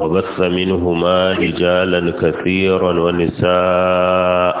وبث منهما رجالا كثيرا ونساء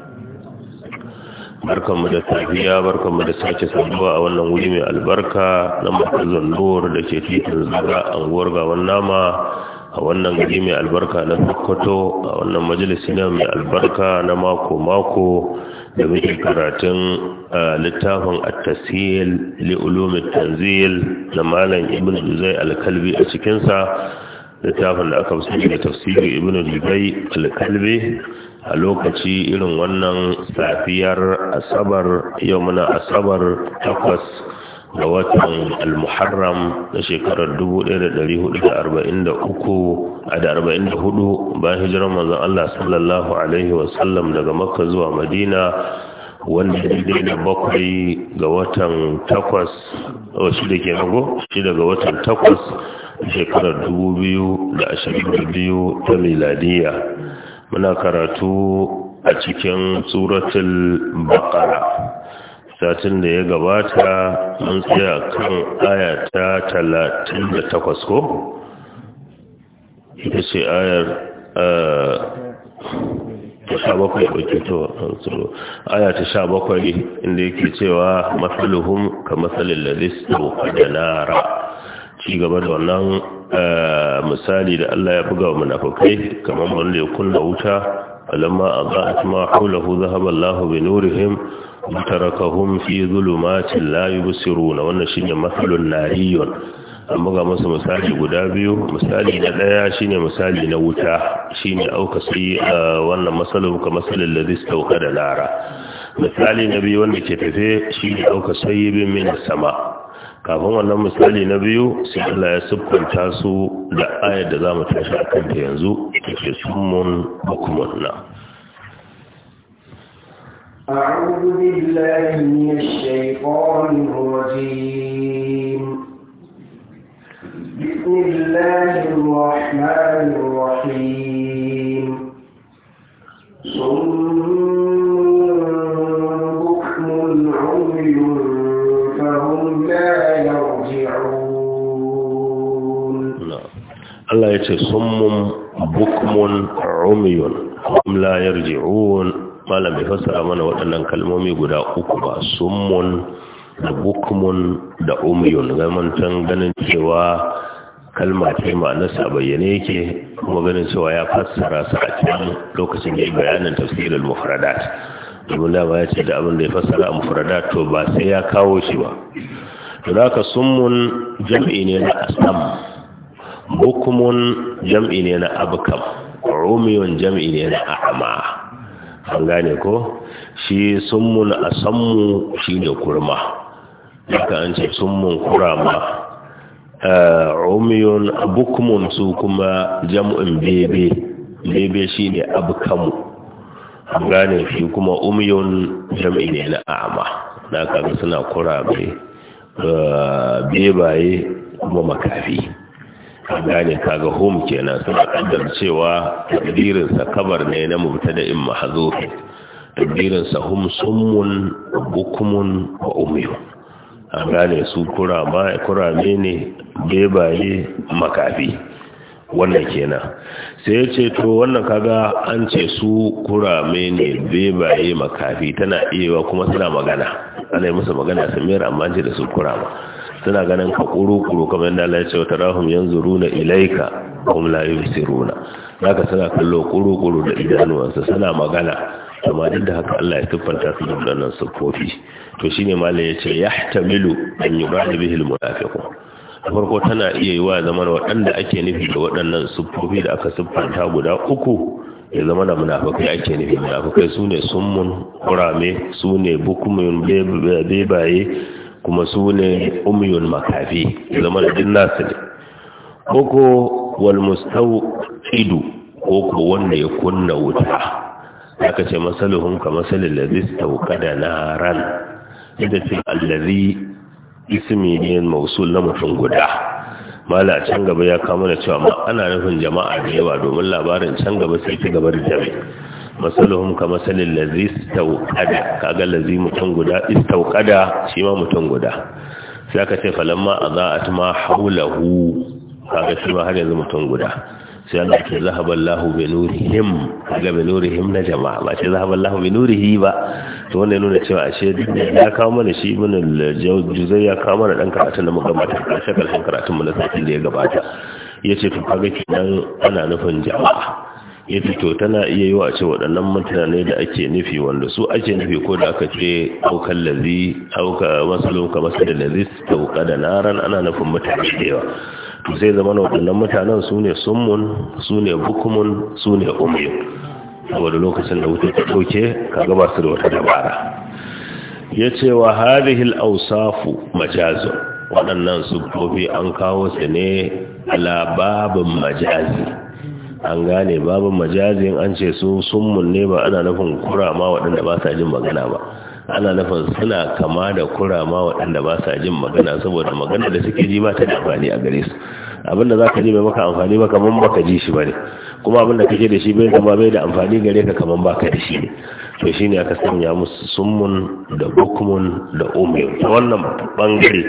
mu da safiya mu da sake saduwa a wannan wuri mai albarka na matsalan nuwar da ke titin zaga unguwar gawan nama a wannan gari mai albarka na sokoto a wannan majalisi na mai albarka na mako-mako da muke karatun eh, littafin at-tasihil li ulumit tanzil na malam ibn juzai al-kalbi a cikinsa littafin da aka fi da tafsiri ibn juzai al-kalbi a lokaci irin wannan safiyar asabar yau muna asabar takwas ga watan al-muharram na shekarar 1443 a da 44 bayan hijirar manzon Allah sallallahu alaihi wasallam daga makka zuwa madina wanda daidai na bakwai ga watan takwas wasu oh, da ke rago shi daga watan takwas shekarar 2022 ta miladiya muna karatu a cikin suratul baqara satin da ya gabata mun tsaya kan aya ta 38 ko ita ce ayar eh, ta bakwai aya ta sha bakwai inda yake cewa matsaluhun ka matsalin da zai da ci gaba da wannan eh, misali da Allah ya buga wa munafikai kamar wanda ya kunna wuta alamma azat ma hawlahu zahaba Allahu bi nurihim tarakahum fi zulumatin la yubsiruna wannan shine masalun nariyon Amma ga masu misali guda biyu misali na daya shine misali na wuta shine aukasi eh, wannan masalun ka masalin ladhi istawqada nara misali na biyu wanda ke tafe shine bi min sama kafin wannan misali na biyu su Allah ya sukunta su da ayar da za mu tashi a kanta yanzu da ke sumun hukumar na. A'udhu billahi min ash-shaytanir rajim. Bismillahir rahmanir rahim. Allah ya ce summun bukmun umiyun hum la yarji'un malam bai fassara mana waɗannan kalmomi guda uku ba summun da bukmun da umiyun zaman ganin cewa kalma ce ma'anarsa bayyane yake kuma ganin cewa ya fassara su a cikin lokacin da ya bayanin tafsirin mufradat domin da ya ce da abin da ya fassara a mufradat to ba sai ya kawo shi ba to da ka summun jam'i ne na asam bukumun jam'i ne na abkam rumiyun jam'i ne na a'ama an gane ko shi summun asammu shi ne kurma duka an ce summun kurama eh, rumiyun bukumun su kuma jam'in bebe bebe shi ne abkamu an gane shi kuma umiyun jam'i ne na a'ama na suna kurabe eh, bebaye kuma makafi ka gane kaga hum kenan suna kaddar cewa tabirin sa kabar ne na mubtada'in mahzuf tabirin sa hum summun bukumun wa umyu an gane su kurama kurame ne bebaye makafi wannan kenan sai ya ce to wannan kaga an ce su kurame ne bebaye makafi tana iya kuma suna magana ana yi musu magana samiyar amma ce da su kurama suna ganin ka kuru-kuru kamar yadda Allah ya ce wata rahum yanzu runa ilaika kuma la yusiruna haka suna kallo kuru-kuru da idanuwansa suna magana amma duk da haka Allah ya tuffanta su da wannan sukofi to shine malam ya ce yahtamilu an yuradu bihi almunafiqu farko tana iya yi wa zaman waɗanda ake nufi da waɗannan sukofi da aka siffanta guda uku ya zama da munafukai ake nufi munafukai su ne summun kurame su bukumin bebaye kuma su ne makafi zama da jin nasu ne koko wal idu koko wanda ya kunna wuta aka ce masaluhun ka masalin da zai kada na ran inda ce allazi ismi ne mausul na mutum guda mala can gaba ya kama da cewa ma ana nufin jama'a da yawa domin labarin can gaba sai ta gaba da jami'a masaluhum kama sanin lazi istauqada kaga lazi mutum guda istauqada shi ma mutum guda sai aka ce falamma adaat ma haulahu kaga shi ma har yanzu mutum guda sai Allah ce zahaba Allahu bi nurihim kaga bi nurihim na jama'a ba ce zahaba Allahu bi nurihi ba to wannan nuna cewa ashe ya kawo mana shi ibn al-juzay ya kawo mana dan karatun da muka gabata karshe karshen karatun mu na satin da ya gabata yace to kaga kenan ana nufin jama'a ya fito tana iya yi wa a ce waɗannan mutane da ake nufi wanda su ake nufi ko da aka ce ɗaukar lazi ɗauka masalon ka masu da lazi ɗauka da naran ana nufin mutane da yawa to sai zama waɗannan mutanen su ne summun su ne bukumun su ne umiyu saboda lokacin da wuta ta ɗauke ka gaba su da wata dabara ya ce wa hadihil ausafu majazo waɗannan tofi an kawo su ne ala majazi an gane babu majazin an ce su summun ne ba ana nufin kurama waɗanda ba sa jin magana ba ana nufin suna kama da kurama waɗanda ba sa jin magana saboda magana da suke ji ba ta da amfani a gare su abin da za ka ji bai maka amfani ba ba ka ji shi ba ne kuma abin da kake da shi bai zama bai da amfani gare ka kaman ka da shi ne to ne aka sanya musu summun da bukmun da umyun ta wannan bangare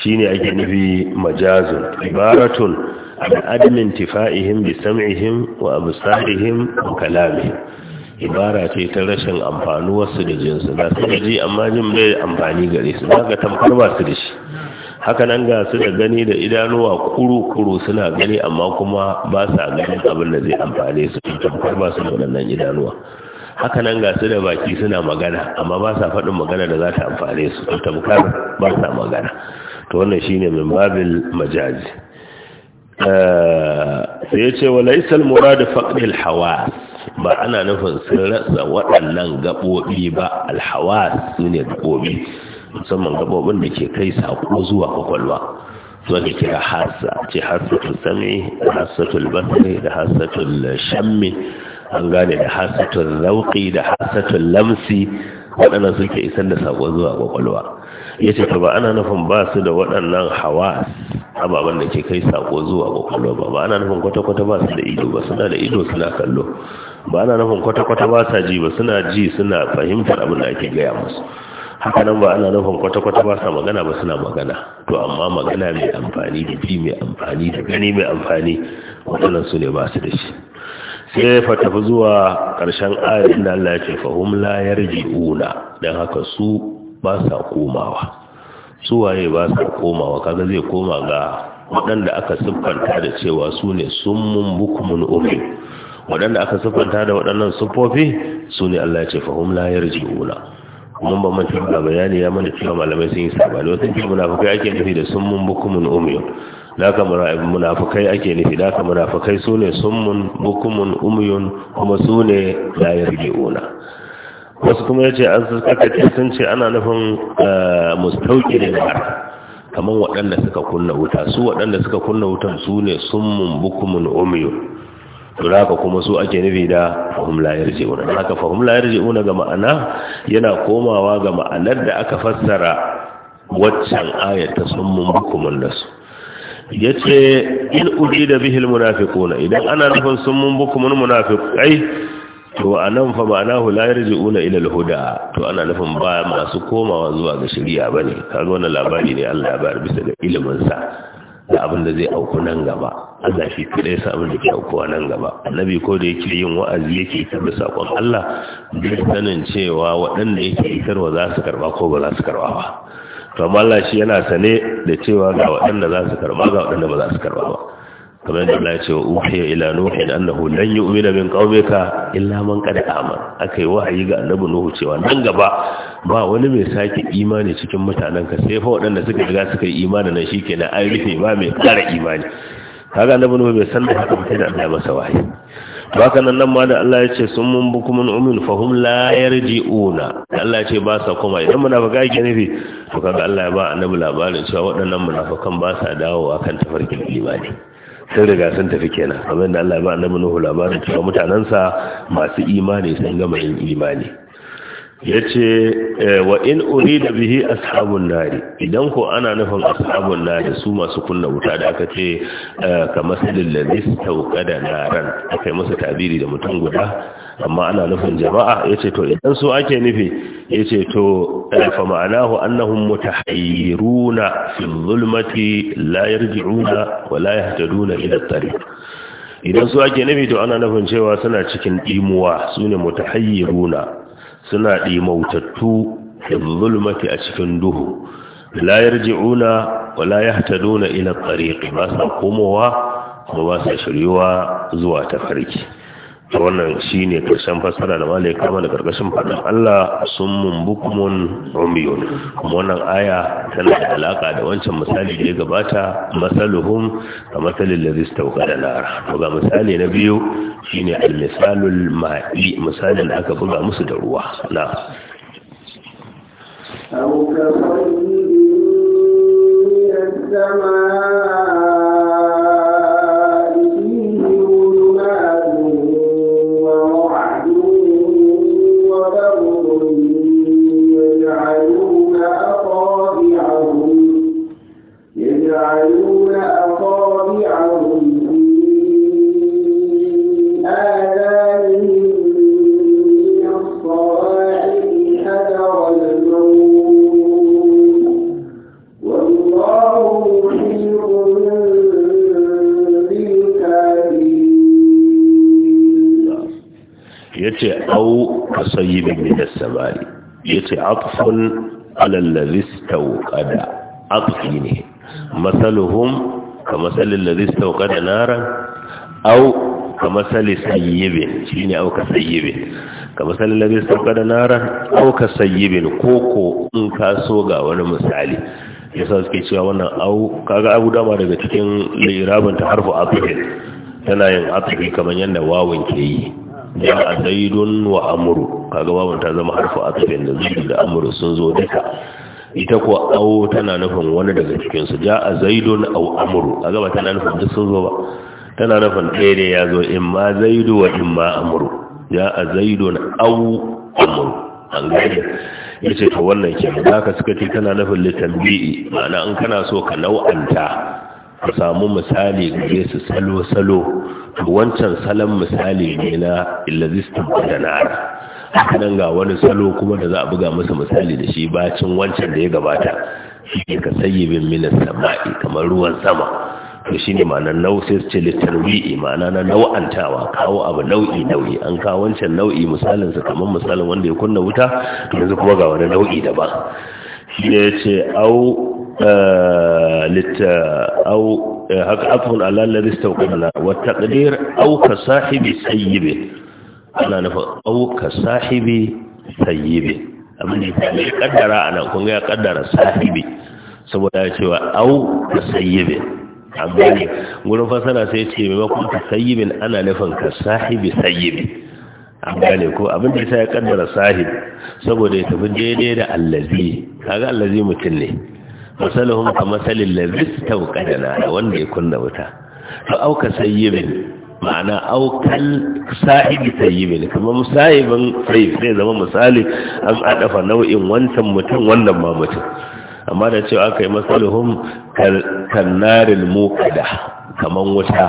shine ake nufi majazun ibaratun abin adamin tifa'ihim bi sam'ihim wa sa'ihim wa kalami ibara ce ta rashin amfanuwarsu da jinsu na su ji amma jin bai amfani gare su za ka tamkar ba su da shi haka nan ga su da gani da idanuwa kuru-kuru suna gani amma kuma ba sa ganin abin da zai amfane su tamfar ba su da waɗannan idanuwa haka nan ga su da baki suna magana amma ba sa faɗin magana da za ta amfane su tamkar ba sa magana to wannan shine min babil majazi eh, sai ya ce wa laisal murad faqdil hawas ba ana nufin sun rasa waɗannan gaɓoɓi ba alhawa su ne gaɓoɓi musamman gaɓoɓin da ke kai saƙo zuwa kwakwalwa wanda kira hasa ce hasa sami da hassatul basri da hasa shammi an gane da hasatun lauki da hasatun lamsi waɗannan suke isar da saƙo zuwa ƙwaƙwalwa ya ce ba ana nufin ba su da waɗannan hawa ababen da ke kai saƙo zuwa ƙwaƙwalwa ba ba ana nufin kwata-kwata ba su da ido ba suna da ido suna kallo ba ana nufin kwata-kwata ba sa ji ba suna ji suna fahimtar abin da ake gaya musu haka nan ba ana nufin kwata-kwata ba sa magana ba suna magana to amma magana mai amfani da ji mai amfani da gani mai amfani waɗannan su ne ba su da shi sai fa tafi zuwa ƙarshen ayatun da Allah ya ce fahim la yarji'una dan haka su ba sa komawa su waye ba sa komawa kaga zai koma ga waɗanda aka siffanta da cewa su ne summun bukumun ufi waɗanda aka siffanta da waɗannan siffofi su ne Allah ya ce fahim la yarji'una mun ba bayani ya mana cewa malamai sun yi sabani wasu ke munafikai ake nufi da summun bukumun umiyun da haka munafukai ake nufi da haka munafukai su ne summun bukumun umyun kuma su ne la yarji'una wasu kuma yace an aka sun ce ana nufin eh, mustauki ne kamar waɗanda suka kunna wuta su waɗanda suka kunna wutan su ne summun bukumun umyun duraka kuma su ake nufi da fahim la yarji'una haka fahim la yarji'una ga ma'ana yana komawa ga ma'anar da aka fassara waccan ayar ta summun bukumun nasu yace in da bihil munafiquna idan ana nufin sun mun buku mun munafiqai to anan fa ma'anahu la yarji'una ila alhuda to ana nufin ba masu komawa zuwa ga shari'a bane kaga wannan labari ne Allah ya bar bisa da ilimin sa da abin da zai auku nan gaba Allah shi kadai sa abin da ke auku nan gaba annabi ko da yake yin wa'azi yake tabbata sakon Allah duk sanin cewa waɗanda yake isarwa za su karba ko ba za su karba ba to Allah shi yana sane da cewa ga waɗanda za su karba ga waɗanda ba za su karba ba kamar yadda Allah ya ce wa uhiya ila nuhin annahu lan yu'mina min qaumika illa man qad amana akai wahayi ga annabi nuhu cewa nan gaba ba wani mai sake imani cikin mutanen ka sai fa waɗanda suka riga suka yi imani nan shikenan ai rufe ba mai ƙara imani kaga annabi nuhu bai san da haka ba sai da Allah masa wahayi baka nan nan ma da Allah ya ce sun mun kuma umin fahum la yarji'una Allah ya ce ba sa koma idan munafika yake nufi to kaga Allah ya ba annabi labarin cewa waɗannan munafikan ba sa dawowa kan tafarkin imani sun riga sun tafi kenan kamar da Allah ya ba annabi Nuhu labarin cewa mutanansa masu imani sun gama yin imani ya ce eh, wa in uri da bihi ashabun nari idan ko ana nufin ashabun nari su masu kunna wuta da aka ce eh, kamar sadin lalis da naran aka yi masa tabiri da mutum guda amma ana nufin jama'a ya ce to idan su ake nufi ya ce to eh, fa ma'anahu annahum mutahayyiruna fi zulmati la yarji'una wa la yahtaduna ila tariq idan su ake nufi to ana nufin cewa suna cikin dimuwa sune mutahayyiruna suna ɗimautattu da zulmati a cikin duhu la yarji'una wa la yahtaduna ila tariqi ba sa komowa kuma ba sa shiryuwa zuwa tafarki to wannan ne karshen fassara da malai kama da karkashin fadin Allah sun bukmun umyun kuma wannan aya tana da alaka da wancan misali da ya gabata masaluhum da zista wuka da lara to ga misali na biyu shi ne almisalul ma'i misalin da aka buga musu da ruwa na أو كصيب ne أصابعهم في آذانهم من الصواعق حذر الموت والله محيط بالكافرين يتي أو كصيب من السماء يتي عطف على الذي استوقد عطفي masaluhum ka masalin da zai sauka da Nara. au ka masali sayyibin shi ne au ka sayyibin ka masalin da zai sauka da Nara, au ka sayyibin koko in ka so ga wani misali ya sa suke cewa wannan au kaga abu dama daga cikin lirabin ta harfu afirka tana yin afirka kamar yadda wawan ke yi ja'a zaidun wa amuru kaga wawan ta zama harfu afirka da zaidu da amuru sun zo duka ita ko au tana nufin wani daga cikinsu ja a zaidun au amuru a gaba tana nufin duk sun zo ba tana nufin ɗaya ne ya zo in ma zaidu wa in ma amuru ja a zaidun au amuru an gaida ya ce ta wannan ke za ka suka ce tana nufin bi'i ma'ana in kana so ka nau'anta ka samu misali gaje su salo-salo wancan salon misali ne na ilazistin da na'ara nan ga wani salo kuma da za a buga masa misali da shi bacin wancan da ya gabata shi ka bin minas sama'i kamar ruwan sama to shi ne ma'anar nau'sis ce wi'i, ma'ana na nau'antawa kawo abu nau'i nau'i an kawo wancan nau'i misalin sa, kamar misalin wanda ya kunna wuta yanzu kuma ga wani nau'i daban shi ne ya ce au أو هكأفهم على الذي استوقفنا والتقدير أو sahibi sayyibin ana nufin auka sahibi sayyibi abin da ya kaddara a nan kun ga ya kaddara sahibi saboda cewa au da sayyibi amma ne gurin fasara sai ce maimakon ka sayyibin ana nufin ka sahibi sayyibi amma ne ko abin da ya kaddara sahibi saboda ya tafi daidai da allazi kaga allazi mutum ne masalahum ka masalin lazis tauka da wanda ya kunna wuta to auka sayyibin ma'ana aukal sahibi tayyibi ne kamar musayibin sai sai zama misali an adafa nau'in wancan mutum wannan ma mutum amma da cewa aka yi masaluhum kannarin mukada kamar wuta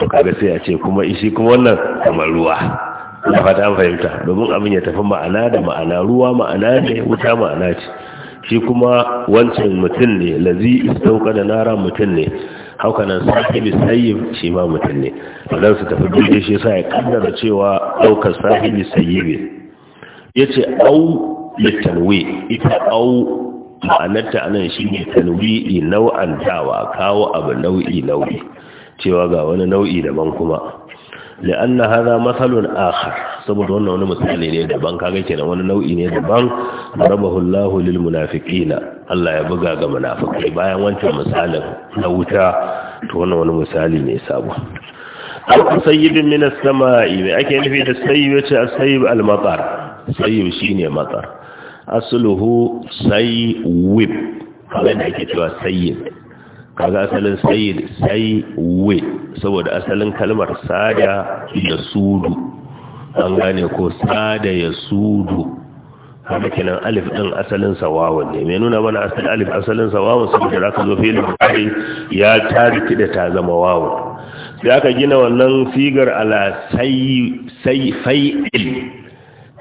to kaga sai a ce kuma ishi kuma wannan kamar ruwa na fata an fahimta domin abin ya tafi ma'ana da ma'ana ruwa ma'ana ne wuta ma'ana ce shi kuma wancan mutum ne lazi istauka da nara mutum ne haukanan sahibi sayyib shi ma mutum ne wadda su tafi duje shi sa ya kandara cewa daukar sahibi sayyibi ce au talwe ita au ma'anarta anan shine tanwi'i nau'an dawa kawo abu nau'i nau'i cewa ga wani nau'i daban kuma li'anna hadha mathalun akhar saboda wannan wani misali ne daban kaga wani nau'i ne daban rabahu Allah lil munafiqina Allah ya buga ga munafukai. bayan wancan misalin na wuta to wannan wani misali ne sabo akwai sayyibin min as-sama'i me ake nufi da sayyib yace as-sayyib al-matar sayyib shine matar asluhu sayyib da ake cewa sayyib kaga asalin sayyid sai we saboda asalin kalmar sada da sudu an gane ko sada ya sudu haka kenan alif din asalin sawawun ne mai nuna mana asalin alif asalin sawawun saboda zaka zo filin kai ya tariki da ta zama wawa sai aka gina wannan figar ala sai sai fa'il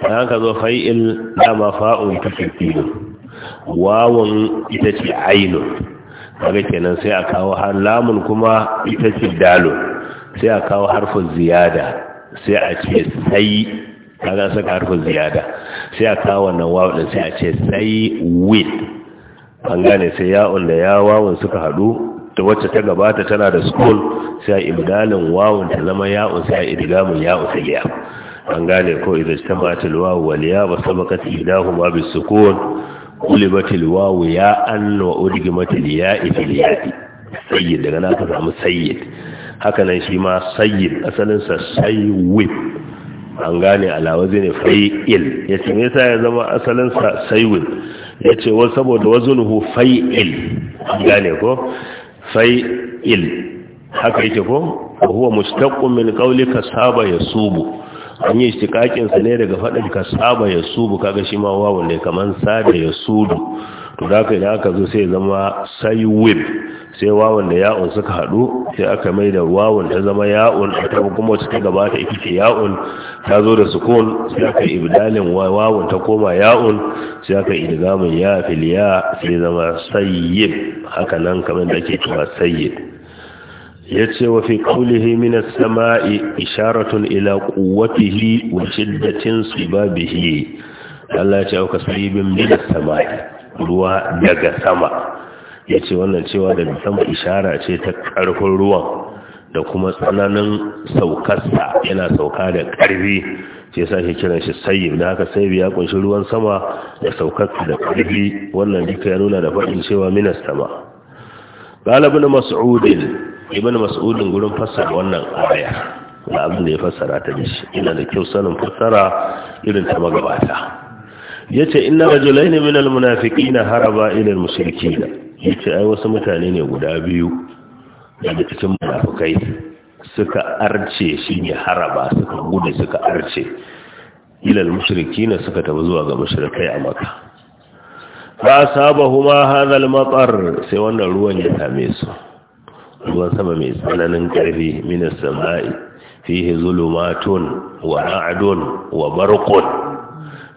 dan ka zo fa'il dama mafa'un ta filin wawun ita ce ainun kaga kenan sai a kawo har lamun kuma ita ce dalo sai a kawo harfin ziyada sai a ce sai kaga saka harfin ziyada sai a kawo wannan wawu din sai a ce sai wit an gane sai ya'un da ya wawun suka hadu da wacce ta gabata tana da school sai a ibdalin wawun ta zama ya'un sai a idgamin ya'un saliya an gane ko idan ta matul wawu wal ya ba sabakat idahuma bis sukun ulibatil wawu ya an wa udgimatil ya'i fil ya'i sayyid daga na ka samu sayyid haka nan shi ma sayyid asalin sa sayyid an gane alawazi ne fa'il yace me yasa ya zama asalin sa sayyid yace wa saboda wazunhu fa'il an gane ko fa'il haka yake ko huwa mushtaqqun min qawlika saba yasubu an yi istiqaqin sa ne daga fadin kasaba yasubu kaga shi ma wawun ne kaman sada yasudu to da kai da aka zo sai zama wib sai wawun da ya'un suka hadu sai aka mai da wawun ta zama ya'un ta kuma wacce ta gabata ita ce ya'un ta zo da sukun sai aka ibdalin wawun ta koma ya'un sai aka idgamin ya filiya sai zama sayyib haka nan kamar da ake cewa sayyib yace wa fi qawlihi min samai isharatun ila quwwatihi wa shiddatin sibabihi Allah ya ce auka min samai ruwa daga sama yace wannan cewa daga sama ishara ce ta karfin ruwan da kuma tsananin saukasta yana sauka da karfi ce sa shi kiran shi sayyib da haka sai ya kunshi ruwan sama da saukar da karfi wannan duka ya nuna da faɗin cewa minas sama قال ابن مسعود ibn mas'udin gurin fassara wannan aya da abin da ya fassara ta dashi ina da kyau sanin fassara irin ta magabata yace inna rajulaini min almunafiqina haraba ila almushrikeen yace ai wasu mutane ne guda biyu daga cikin munafikai suka arce shine haraba suka gudu suka arce ila almushrikeen suka tafi zuwa ga mushrikai a makka ba sabahuma hadha almatar sai wannan ruwan ya same su ruwan sama mai tsananin ƙarfi minas sama'i fihi zulumatun wa ra'dun wa barqun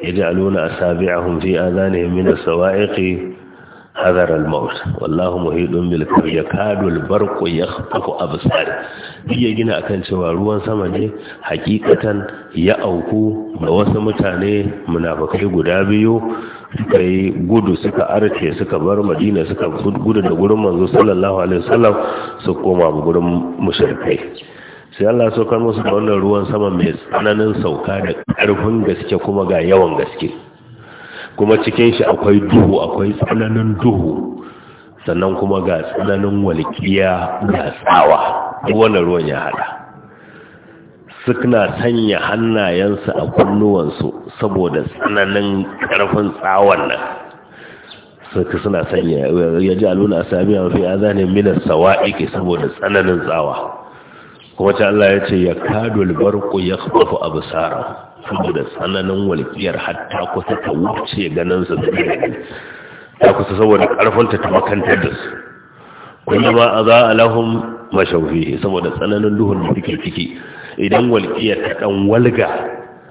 yaj'aluna asabi'ahum fi adhanihim min as-sawa'iqi hadar al-maut wallahu muhidun bil yakadu al-barqu yakhtafu absar ya gina akan cewa ruwan sama ne hakikatan ya auku da wasu mutane munafakai guda biyu suka yi gudu suka arce suka bar madina suka gudu da gurin manzo sallallahu alaihi wasallam su koma gurin mushrikai sai Allah so kan musu wannan ruwan sama mai tsananin sauka da karfin gaske kuma ga yawan gaske kuma cikin shi akwai duhu akwai tsananin duhu sannan kuma ga tsananin walƙiya ga tsawa wannan ruwan ya hada suna sanya hannayensu a kunnuwansu saboda tsananin ƙarfin tsawon nan suka suna sanya ya ji aluna sami a mafi azanin sawa sawa'iki saboda tsananin tsawa kuma ta Allah ya ce ya kado albarku ya kafa abu tsara, saboda tsananin walƙiyar hatta kusa ta wuce ganinsu da ta kusa saboda ƙarfinta ta makantar da su kuma ma a za a lahun mashaufi saboda tsananin duhun da suke ciki idan walƙiya ta ɗan walga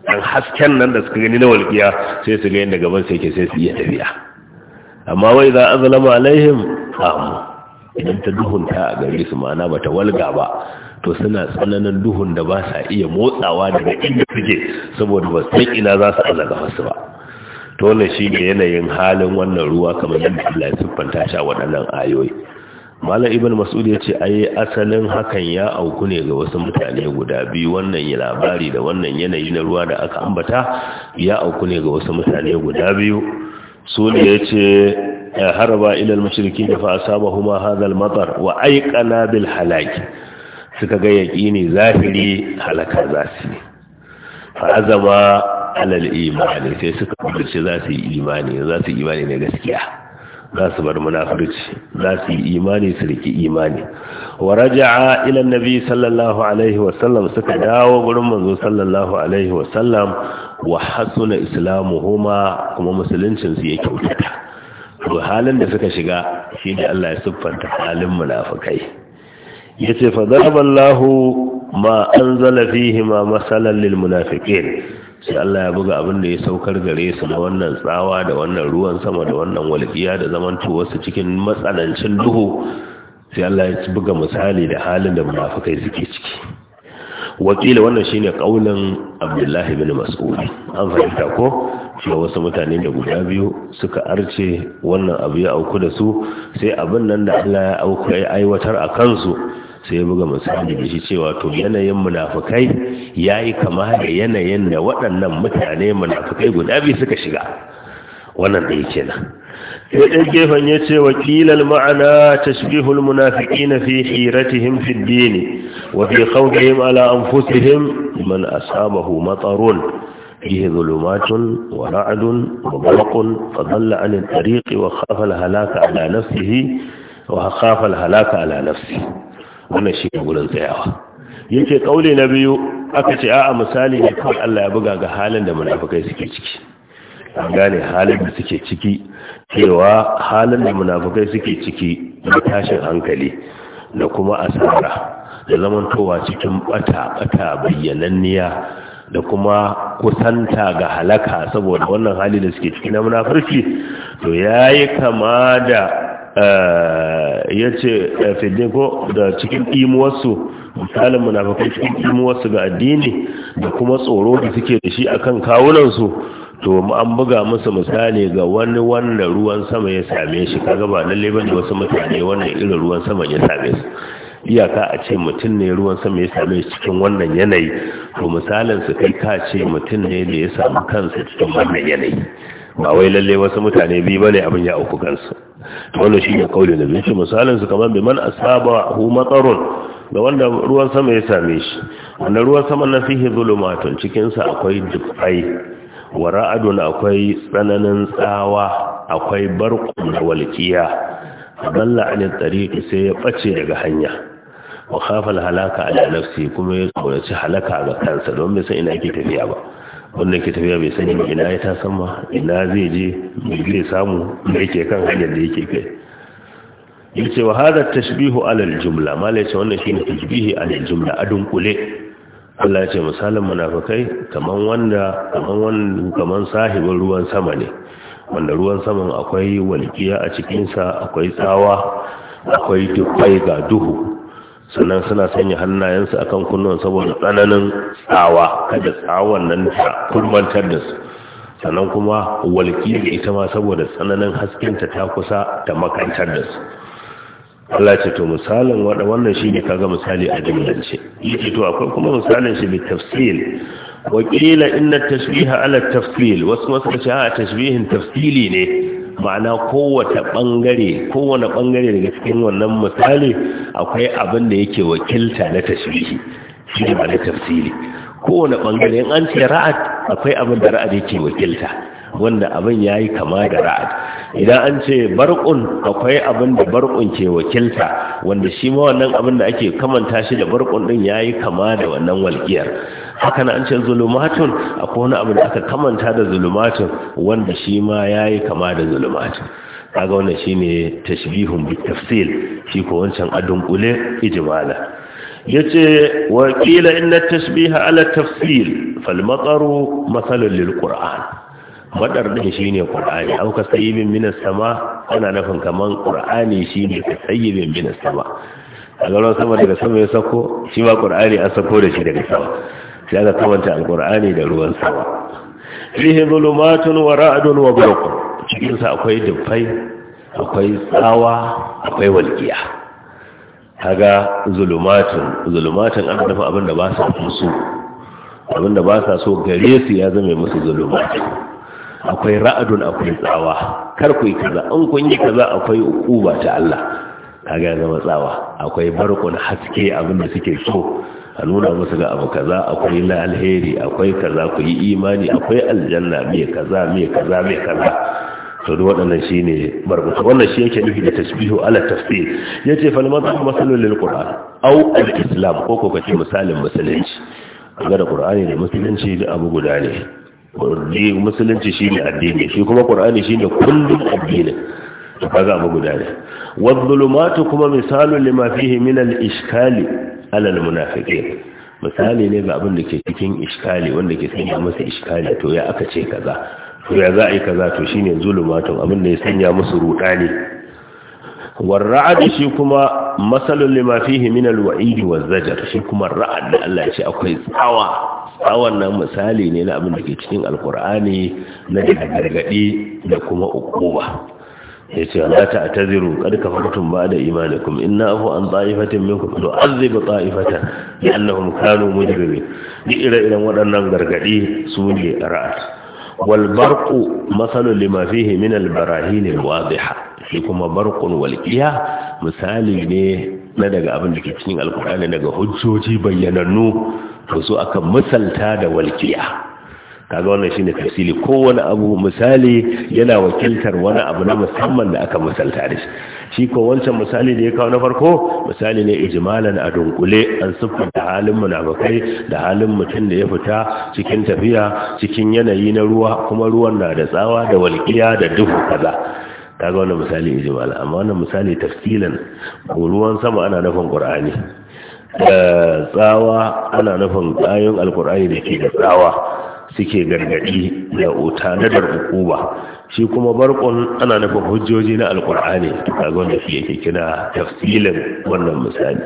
ɗan hasken nan da suka gani na walƙiya sai su ga yadda gaban sai ke sai su iya tafiya amma wai za a zalama alaihim amu idan ta duhunta a gari su ma'ana ba ta walga ba to suna tsananin duhun da ba sa iya motsawa daga inda suke saboda ba san ina za su azaga masu ba to wannan shi ne yanayin halin wannan ruwa kamar yadda Allah ya siffanta shi a waɗannan ayoyi malam ibn mas'ud yace ai asalin hakan ya auku ne ga wasu mutane guda biyu wannan yi labari da wannan yanayi na ruwa da aka ambata ya auku ne ga wasu mutane guda biyu su ne yace eh, haraba ila al da fa asabahuma hadha al-matar wa ayqana bil halak suka ga yaqini zahiri halaka zasu fa azama al imani sai suka ce za su yi imani za yi imani ne gaskiya za su bar munafurci. za su yi imani su riki imani wa raja'a ila nabi sallallahu alaihi wa sallam suka dawo gurin manzo sallallahu alaihi wa sallam wa hasuna islamuhuma kuma musuluncin su ya kyautata to halin da suka shiga shi ne Allah ya siffanta halin munafikai yace fa daraballahu ma anzala fihi ma masalan lil munafiqin sai Allah ya buga abin da ya saukar gare su da wannan tsawa da wannan ruwan sama da wannan walƙiya da zaman wasu cikin matsanancin duhu sai Allah ya buga misali da halin da munafikai suke ciki wakila wannan shine kaulin Abdullahi bin Mas'ud an fahimta ko shi wasu mutane da guda biyu suka arce wannan abu ya auku da su sai abin nan da Allah ya auku ya aiwatar a kansu sai buga misali da shi cewa to yanayin munafukai yayi kama da yanayin da waɗannan mutane munafukai guda biyu suka shiga wannan da yake nan ɗaya gefen ya ce wakilar ma'ana tashbihul munafiqina fi hiratihim fi dini wa fi khawfihim ala anfusihim man asabahu matarun فيه ظلمات ورعد وبرق فضل عن الطريق وخاف الهلاك على نفسه وخاف الهلاك على نفسه wannan shi ne wurin tsayawa yake kauli na biyu aka ce a'a misali ne kawai Allah ya buga ga halin da munafikai suke ciki an gane halin da suke ciki cewa halin da munafikai suke ciki da tashin hankali da kuma asara da zamantowa cikin bata bata bayyananniya da kuma kusanta ga halaka saboda wannan hali da suke ciki na munafurci to yayi kama da Eh, ya ce eh, da cikin imuwarsu misalin munafakai cikin imuwarsu ga addini da kuma tsoro da suke da shi akan kawunansu to an buga musu misali ga wani wanda ruwan sama ya same shi kaga ba leban da wasu mutane wannan irin ruwan sama ya same su iyaka a ce mutum ne ruwan sama ya same shi cikin wannan yanayi to misalin su kai ka ce mutum ne da ya samu kansa cikin wannan yanayi ba wai lalle wasu mutane biyu bane abin ya auku kansu wannan shine kauli na biyu misalin su kamar bi man asaba hu matarun da wanda ruwan sama ya same shi wannan ruwan sama na fihi zulumatun cikin sa akwai dufai wa ra'adun akwai tsananin tsawa akwai barqun da walqiya balla an tariqi sai ya bace daga hanya wa khafa al halaka ala nafsi kuma ya tsoraci halaka ga kansa don bai san ina yake tafiya ba Wannan ke tafiya bai sani ba ina ya ta sama ina zai je zai samu da yake kan hanyar da yake kai yace wa hada tashbihu ala aljumla ya ce wannan shi shine tashbihi alal jumla. a kule Allah ya ce misalin munafikai kaman wanda kaman wanda kaman sahibin ruwan sama ne wanda ruwan saman akwai walkiya a cikinsa, akwai tsawa akwai dufai ga duhu sannan suna sanya hannayensu a kan kunnuwan saboda tsananin tsawa kada tsawon nan ta kurmantar da su sannan kuma da ita ma saboda tsananin haskinta ta kusa ta makantar da su Allah ce to misalin wada wannan shi ne kaga misali a jimlance yake to akwai kuma misalin shi bi tafsil wa qila inna tashbiha ala tafsil wasu masu ce a tashbihin tafsili ne ma'ana kowace bangare kowane bangare daga cikin wannan misali akwai abin da yake wakilta na tashrihi shi ne na tafsiri kowane bangare an ce ra'ad akwai abin da ra'ad yake wakilta wanda abin ya yi kama da ra'ad idan an ce barƙun, akwai abin da barƙun ke wakilta wanda shi ma wannan abin da ake kamanta shi da ɗin din yi kama da wannan walƙiyar. haka na an ce zulumatun akwai wani abu da aka kamanta da zulumatun wanda shi ma ya yi kama da zulumatun kaga wannan shine tashbihun bi tafsil shi ko wancan kule ijmala yace wa qila inna tashbiha ala tafsil fal mataru mathalan lil qur'an madar din shine qur'ani au ka sayyibin min sama ana nafin kaman qur'ani shine ka sayyibin min sama kaga sama daga sama ya sako shi ma qur'ani an sako da shi daga sama sai aka kamanta alqur'ani da ruwan sama fihi zulumatun wa ra'dun wa burqun cikinsa akwai dufai akwai tsawa akwai walƙiya kaga zulumatun zulumatun an dafa abin ba sa so abinda ba sa so gare su ya zama musu zulumatun akwai ra'adun akwai tsawa kar ku yi kaza an kun yi kaza akwai uba ta Allah kaga ya zama tsawa akwai barkon haske abinda suke so a nuna musu ga abu kaza akwai na alheri akwai kaza ku yi imani akwai aljanna mai kaza mai kaza mai kaza to duk waɗannan shine barbuta wannan shi yake nufi da tasbihu ala tasbih yace fal madhu masalul lil qur'an au al islam ko ko kace misalin musulunci ga da qur'ani da musulunci da abu guda ne musulunci shine addini shi kuma qur'ani shine kullum addini to kaga abu guda ne wadh kuma misalun lima fihi min al-ishkali ala al-munafiqin misali ne ga abin da ke cikin iskali wanda ke sanya masa iskali to ya aka ce kaza to ya za a yi kaza to shine zulumatun abin da ya sanya musu rudani warra'ad shi kuma masalul lima fihi min alwa'id wazajar shi kuma ra'ad da Allah ya ce akwai tsawa tsawon nan misali ne na abin da ke cikin alkur'ani na gargadi da kuma ukuba ya ce la ta taziru kafartum ba'da imanikum inna afu an ta'ifatin minkum tu'azzib ta'ifatan bi annahum kanu mujrimin duk ire-iren waɗannan gargadi su ne ra'ad wal barqu masalu lima fihi min al barahin al wadiha shi kuma barqun walƙiya, misali ne na daga abin da ke cikin alkur'ani daga hujjoji bayyanannu to su aka misalta da walqiya kaga wannan shine tafsili kowane abu misali yana wakiltar wani abu na musamman da aka misalta da shi shi ko wancan misali da ya kawo na farko misali ne ijmalan a dunkule an siffar da halin munafikai da halin mutum da ya fita cikin tafiya cikin yanayi na ruwa kuma ruwan na da tsawa da walƙiya da duhu kaza kaga wannan misali ijimala. amma wannan misali tafsilan ko ruwan sama ana nufin qur'ani da tsawa ana nufin ayoyin alqur'ani da ke da tsawa suke gargadi da utanadar da shi kuma barkon ana nufin hujjoji na alkur'ani kaga wanda shi yake tafsilin wannan misali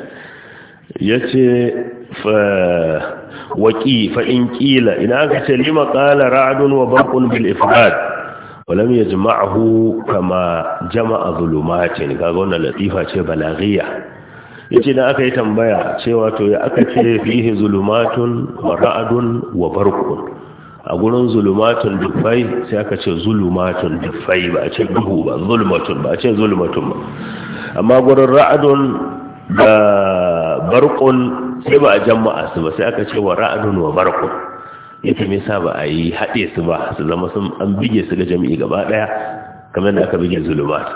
yace ce, waqi fa ƙila. ina aka ce lima qala ra'dun wa barqun bil ifrad wa lam yajma'hu kama jama'a zulumatin kaga na latifa ce balaghiya yace na aka yi tambaya cewa to ya aka ce fihi zulumatun wa ra'adun wa barkon. a gurin zulumatun dufai sai aka ce zulumatun dufai ba a ce duhu ba zulumatun ba a ce zulumatun ba amma gurin ra'adun da barkun sai ba a jama'a su ba sai aka ce wa ra'adun wa barkun Ita me sa ba a yi haɗe su ba su zama sun an bige su ga jami'i gaba ɗaya kamar da aka bige zulumat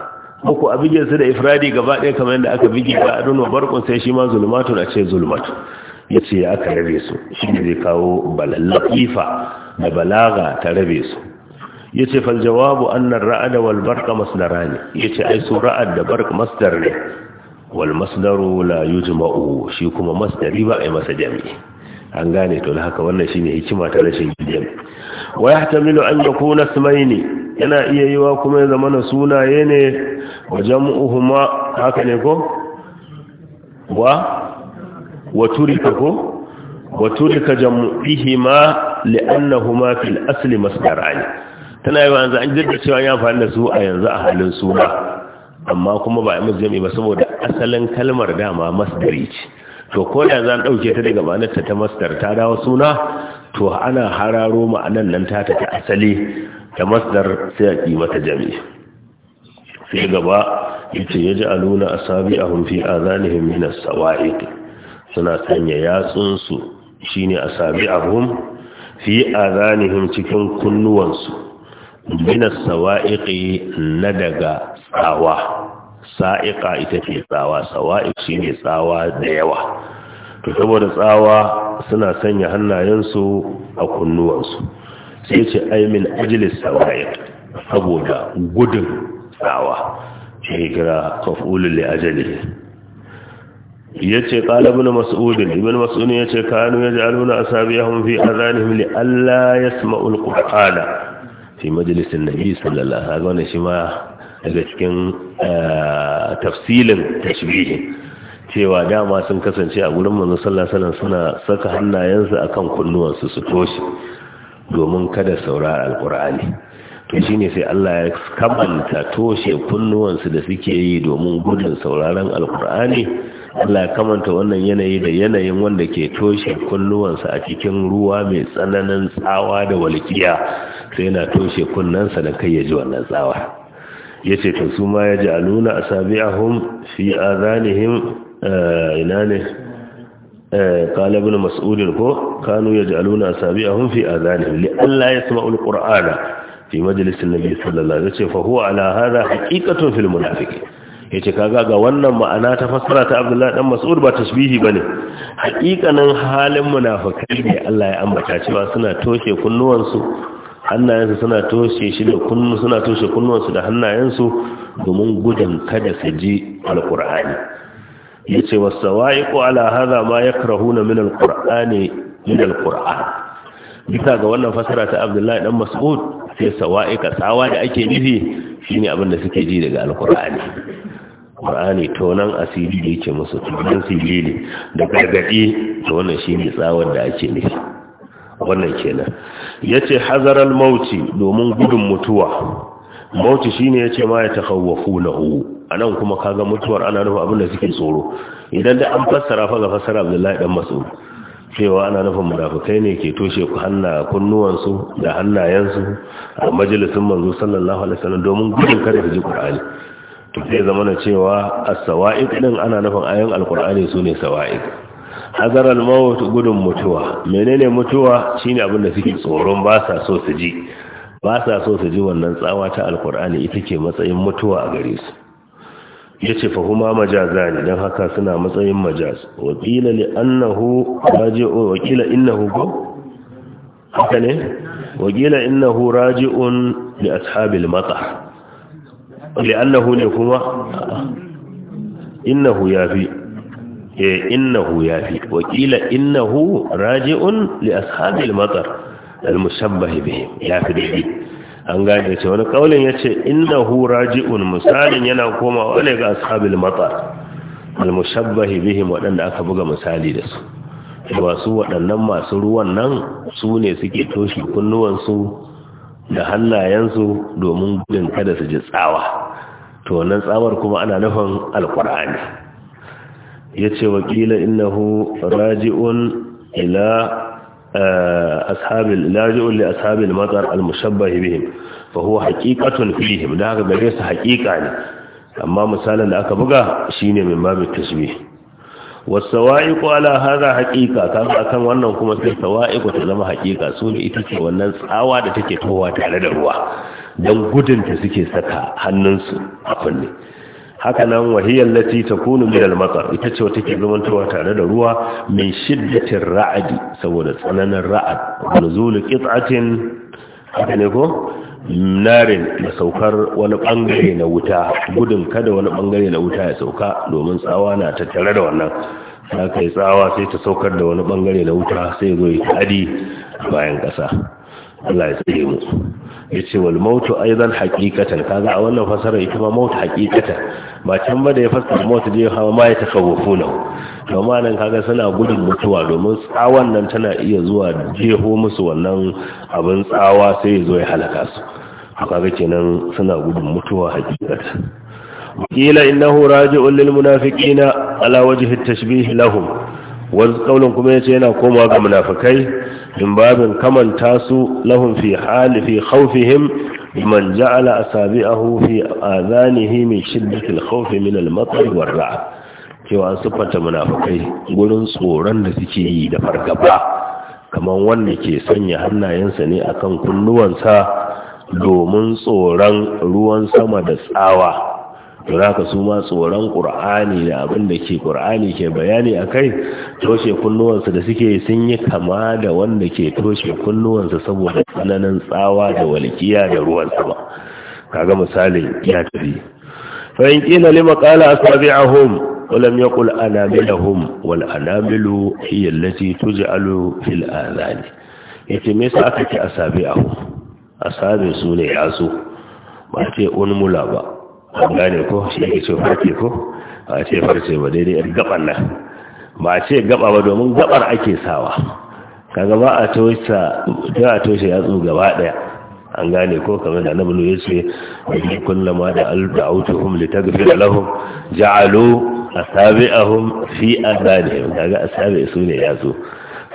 Ko a bige su da ifradi gaba ɗaya kamar da aka bige ra'adun wa barkun sai shi ma zulumatun a ce zulmatun ya ce aka rabe su shi ne zai kawo balalakifa da balaga ta rabe su yace fal jawabu anna ar wal barq masdarani yace ai su ra'ad da barq masdar ne wal masdaru la yujma'u shi kuma masdari ba ai masa jami'i an gane to haka wannan shine hikima ta rashin jami wa yahtamilu an yakuna ismaini yana iya yiwa kuma ya zama sunaye ne wa jam'uhuma haka ne ko wa wa turika ko wa turika jam'ihima li'annahuma fil asli masdaran tana yi yanzu an jirga cewa ya amfani da su a yanzu a halin suna amma kuma ba a musu ba saboda asalin kalmar dama masdari ce to ko da zan ɗauke ta daga ma'anarta ta masdar ta dawo suna to ana hararo ma'anar nan ta tafi asali ta masdar sai a mata jam'i sai gaba yace ya ji aluna a sabi a hunfi a zanihin minas suna sanya yatsunsu shine asabi sabi a hunfi fi azanihim cikin kunnuwansu minas sawa'iqi na daga tsawa sa'iqa ita ce tsawa sawa'iq shine tsawa da yawa to saboda tsawa suna sanya hannayensu a kunnuwansu sai ce ai min ajlis sawa'iq saboda gudun tsawa shi gira kafulu li ajali. yace qala ibn mas'ud ibn mas'ud yace kanu yaj'aluna asabiyahum fi adhanihim li alla yasma'u al fi majlis an-nabi sallallahu alaihi wasallam shi ma daga cikin eh, tafsilin tashbihin cewa dama sun kasance a gurin manzo sallallahu alaihi suna saka hannayensu akan kunnuwansu su toshi domin kada saurara alqur'ani to shine sai Allah ya kamanta toshe kunnuwansu da suke yi domin gudun sauraron alqur'ani Allah ya kamanta wannan yanayi da yanayin wanda ke toshe kunnuwansa a cikin ruwa mai tsananin tsawa da walƙiya sai yana toshe kunnensa da kai ya ji wannan tsawa ya ce to su ma ya ji aluna a sabi'ahum fi azanihim eh, ina ne kalabin eh, mas'udin ko kanu ya ji aluna a sabi'ahum fi azanihim li Allah ya sama ulƙur'ana fi majalisin nabi sallallahu alaihi wasallam ya ce fa huwa ala hada haqiqatun fil munafiqin Yace ce kaga ga wannan ma'ana ta fassara ta abdullahi dan mas'ud ba tasbihi bane hakikanin halin munafikai ne Allah ya ambata cewa suna toshe kunnuwansu hannayensu suna toshe shi da kunnu suna toshe kunnuwansu da hannayensu domin gudun kada su ji alqur'ani yace wasawa'iqu ala hadha ma yakrahuna min alqur'ani min alqur'ani bisa ga wannan fasara ta abdullahi dan mas'ud sai sawa'ika tsawa da ake nufi shine abin da suke ji daga alkur'ani qur'ani nan asiri da yake musu tonan ne da gargadi to wannan shine tsawon da ake nufi wannan kenan yace al mauti domin gudun mutuwa mauti shine yace ma ya takhawwafunahu anan kuma kaga mutuwar ana nufin abin da suke tsoro idan da an fassara fa ga fassara Abdullahi dan Mas'ud cewa ana nufin munafukai ne ke toshe hanna kunnuwansu da hannayensu a majalisun manzo sallallahu alaihi wasallam domin gudun kada su ji qur'ani to sai zama na cewa as-sawa'iq din ana nufin ayoyin alqur'ani sune sawa'iq hazar al-maut gudun mutuwa menene mutuwa shine abin da suke tsoron ba sa so su ji ba sa so su ji wannan tsawa ta alqur'ani ita ke matsayin mutuwa a gare su yace fa huma majazani don haka suna matsayin majaz Wakila qila annahu raji'u wa qila innahu haka ne wa innahu raji'un li ashabil matah li'annahu ne kuma innahu fi. eh innahu ya fi. Wakila innahu raji'un li ashabil matar al musabbah Ya fi daidai. an gane ce wani kaulin ya ce inda hu raji'un misalin yana komawa ne ga ashabil matsar almushabbahi bihim waɗanda aka buga misali da su ba su waɗannan masu ruwan nan su ne suke toshe kunnuwansu da hannayensu domin gudun kada su ji tsawa to wannan tsawar kuma ana nufin alkur'ani ya ce wakila innahu raji'un ila ashabil laji'un li ashabil matar al-mushabbah bihim fa huwa haqiqatun fihim da haka gare su haqiqa ne amma misalin da aka buga shine min babin tasbih wasawa'iqu ala hadha haqiqa kan akan wannan kuma sai sawa'iqu ta zama haqiqa su ne ita ce wannan tsawa da take towa tare da ruwa dan gudun da suke saka hannunsu a kunne haka nan wahiyar lati ta kunu mil matsar ita ce wata ke zamantowa tare da ruwa min shiddatin ra'adi saboda tsananin ra'ad wani zulu kitsatin haka ne ko narin da saukar wani bangare na wuta gudun kada wani bangare na wuta ya sauka domin tsawa na tattare da wannan ta kai tsawa sai ta saukar da wani bangare na wuta sai zo ya adi bayan kasa Allah ya tsare mu ya ce wal mautu aizan haƙiƙatan kaga a wannan fasara ita ma mautu haƙiƙatan ba can ba da ya fasa mota da ya hawa ma ya takawo to ma nan kaga suna gudun mutuwa domin tsawon nan tana iya zuwa jeho musu wannan abin tsawa sai ya zo ya halaka su kaga kenan suna gudun mutuwa kila hakikata ala wajhi at-tashbih lahum wa qawlun kuma yace yana komawa ga munafikai min babin kamanta su lahum fi hali fi khawfihim man ja'ala asabi'ahu fi azanihi min shiddati al-khawf min al-matar war-ra'a cewa siffanta munafikai gurin tsoron da suke yi da fargaba kamar wanda ke sanya hannayensa ne akan kunnuwansa domin tsoron ruwan sama da tsawa to haka su ma tsoron ƙur'ani da abin da ke ƙur'ani ke bayani a kai toshe kunnuwansu da suke sun yi kama da wanda ke toshe kunnuwansu saboda tsananin tsawa da walƙiya da ruwan sama kaga misali ya tafi fa in qila lima qala asabi'ahum ولم hiya allati tuj'alu fil azan yace me sa aka ce asabi'ahum أسابع سوني yasu ba ce أنملا بأ an gane ko shi yake ce farke ko a ce farce ba daidai yar gaban nan ba a ce gaba ba domin gabar ake sawa kaga ba a toshe da a toshe yatsu gaba daya an gane ko kamar da annabi ya ce wa kullama da al-da'utuhum litaghfir lahum ja'alu asabi'ahum fi azanihim kaga asabi su ne yatsu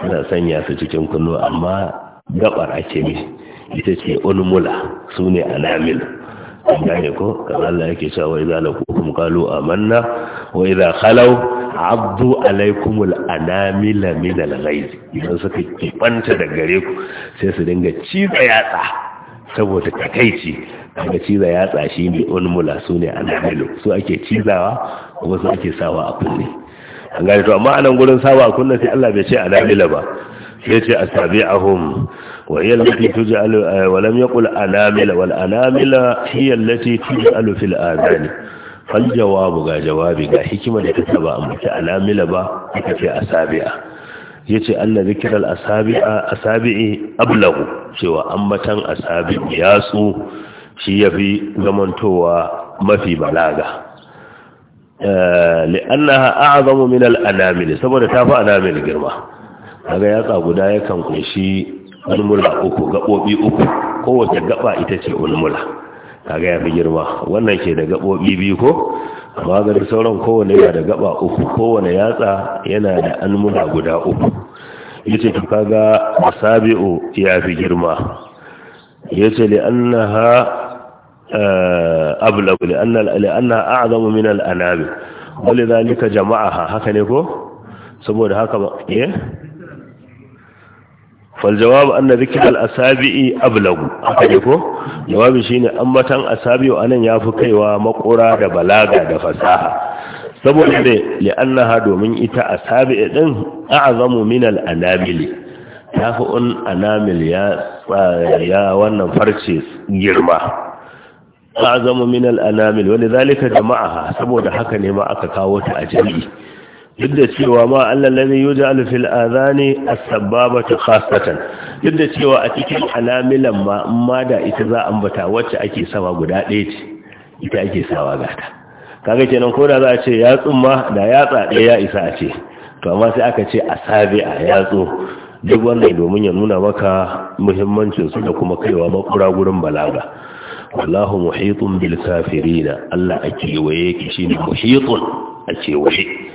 suna sanya su cikin kunnu amma gabar ake bi ita ce ulmula su ne anamil gane ko kan Allah yake cewa wa idza lakum qalu amanna wa idza khalu abdu alaikum al-anamil min al ghayz idan suka kibanta da gare ku sai su dinga ciza yatsa saboda takaici daga ciza yatsa shi ne ulmula su ne anamilu su ake cizawa kuma su ake sawa a kunne an gane to amma anan gurin sawa a kunne sai Allah bai ce anamila ba sai ce asabi'ahum وهي التي تجعل ولم يقل أنامل والأنامل هي التي تجعل في الآذان فالجواب غا جوابي غا حكمة تتبع أمك أنامل با في أسابع يتي أن ذكر الأسابع أسابع أبلغ سوى أمة أسابع ياسو شي في زمنتوا ما في بلاغة لأنها أعظم من الأنامل سبب تافع أنامل جرمه kaga yatsa guda yakan kunshi ulmula uku gaɓoɓi uku kowace gaɓa ita ce ulmula kaga ya fi girma wannan ke da gaɓoɓi biyu ko amma ga sauran kowane yana da gaɓa uku kowane yatsa yana da almula guda uku yace to kaga asabi'u ya fi girma yace li annaha أبلغ لأن لأنها أعظم من الأنابل jama'aha haka ne ko saboda haka eh فالجواب أن ذكر الأسابع أبلغ أكدكو جواب شيني أما تن أسابع أنا يافكي ومقرى دبلاغة دفساها saboda ne li'annaha domin ita asabi din a'zamu min al-anamil tafi un anamil ya ya wannan farce girma a'zamu min al-anamil walidhalika jama'aha saboda haka ne ma aka kawo ta a jami'i duk da cewa ma Allah ladhi yuj'alu fil adhani as-sababatu khassatan duk da cewa a cikin alamilan ma amma da ita za ambata wacce ake sawa guda ɗaya ce ita ake sawa gata kaga kenan ko da za a ce yatsun ma da yatsa ɗaya ya isa a ce to amma sai aka ce a a yatsu duk wannan domin ya nuna maka muhimmancin su da kuma kaiwa makura gurin balaga wallahu muhitun bil kafirina Allah a kewaye ki shine muhitun a kewaye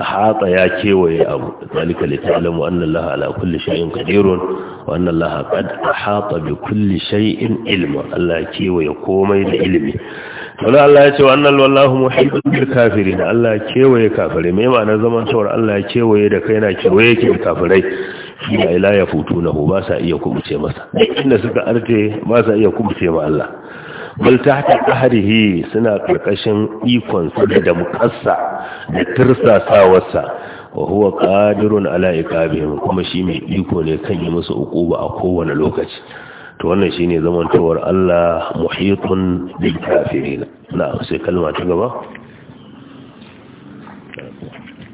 ahata ya kewaye abu zalika li ta'lamu anna allaha ala kulli shay'in qadirun wa anna allaha qad ahata bi kulli shay'in ilma allah kewaye komai da ilimi wala allah ya ce wa anna wallahu muhibbun bil kafirin allah kewaye kafirai me ma'ana zaman tawar allah ya kewaye da kaina kewaye ke kafirai ya ila ya futunahu ba sa iya kubuce masa inda suka arce ba sa iya kubuce ma allah bal haka ƙahari suna ƙarƙashin ikon da mukassa da tirsasawarsa wa huwa ƙadirun ala iqabihim kuma shi mai iko ne kan yi musu uquba a kowane lokaci to wannan shine zamantowar Allah muhitun bil kafirin na sai kalma ta gaba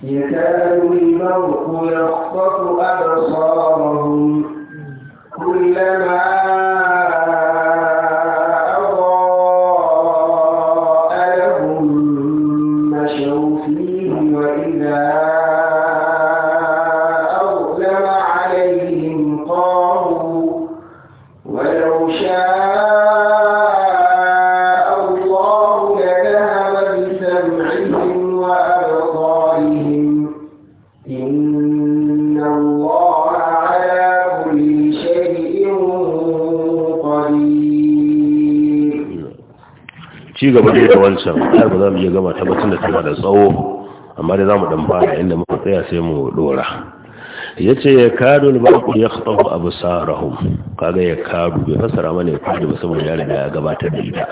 يكاد الموت ci gaba da wancan har ba za mu iya gama ta da tana da tsawo amma dai za mu dan fara inda muka tsaya sai mu dora ya ce ya kadu ku abu yakhtafu absarahum kaga ya kado bai fasara mana ya kado ba saboda ya riga ya gabatar da ita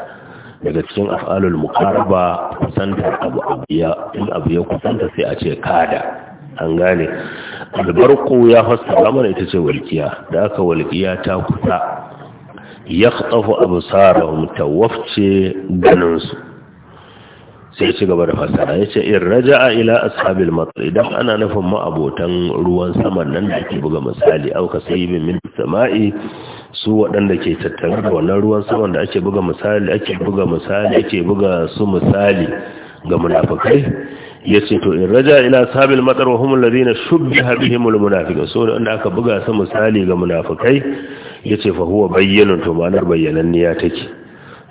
daga cikin af'alul muqaraba kusantar abu abiya in abu ya kusanta sai a ce kada an gane albarku ya fasara mana ita ce walkiya da aka walkiya ta kusa abu yaqtahu absarahum tawafce ganinsu sai ci gaba da fasara ce in raja a ila ashabil matr idan ana nufin ma'abotan ruwan saman nan da ke buga misali auka sayyibin min min sama'i su waɗanda ke tattare da wannan ruwan saman da ake buga misali ake buga misali ake buga su misali ga munafikai ce to in raja ila sabil matar wa humul ladina shubbiha bihimul munafiqun so da aka buga su misali ga munafikai ya ce fa huwa bayyanun to ma'anar bayyananniya take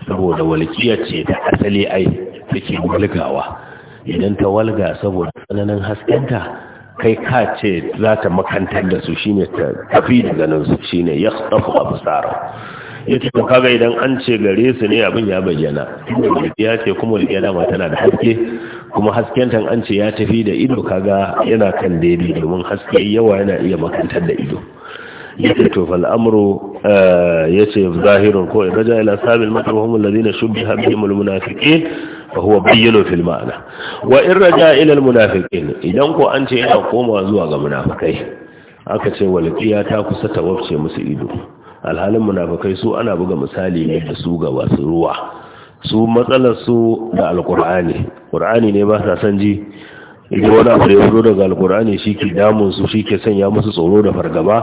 saboda walƙiya ce ta asali ai take walgawa idan ta walga saboda tsananin haskenta kai ka ce za ta makantar da su shine ta tafi da ganin su shine ya tsafu a fusara ya ce ka kaga idan an ce gare su ne abin ya bayyana ya ce kuma walƙiya dama tana da haske kuma haskentan an ce ya tafi da ido kaga yana kan daidai domin haske yawa yana iya makantar da ido yace to fal amru eh, yace zahirun ko raja ila sabil matruhum alladhina shubbiha bihim almunafiqin fa huwa bayyinu fil ma'na wa in raja ila almunafiqin idan ko an ce ina koma zuwa ga munafikai aka ce walqiya ta kusa ta wabce musu ido alhalin munafikai su ana buga misali ne da su ga wasu ruwa su matsalar su da alkur'ani qur'ani ne ba sa san ji idan wani abu da ya zo daga alkur'ani shi ke damun su shi ke sanya musu tsoro da fargaba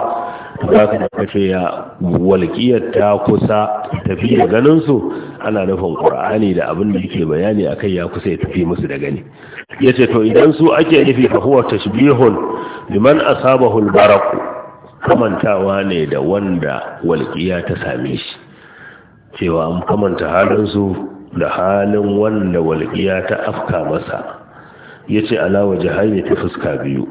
za ka kace ya walƙiyar ta kusa tafi da ganinsu ana nufin ƙur'ani da abin da yake bayani a kai ya kusa ya tafi musu da gani ya ce to idan su ake nufi fa huwa tashbihun liman asabahu saba hulbaraku. kamantawa ne da wanda walƙiya ta same shi cewa an kamanta halinsu da halin wanda walƙiya ta afka masa ya ce ala jihar hanyar ta fuska biyu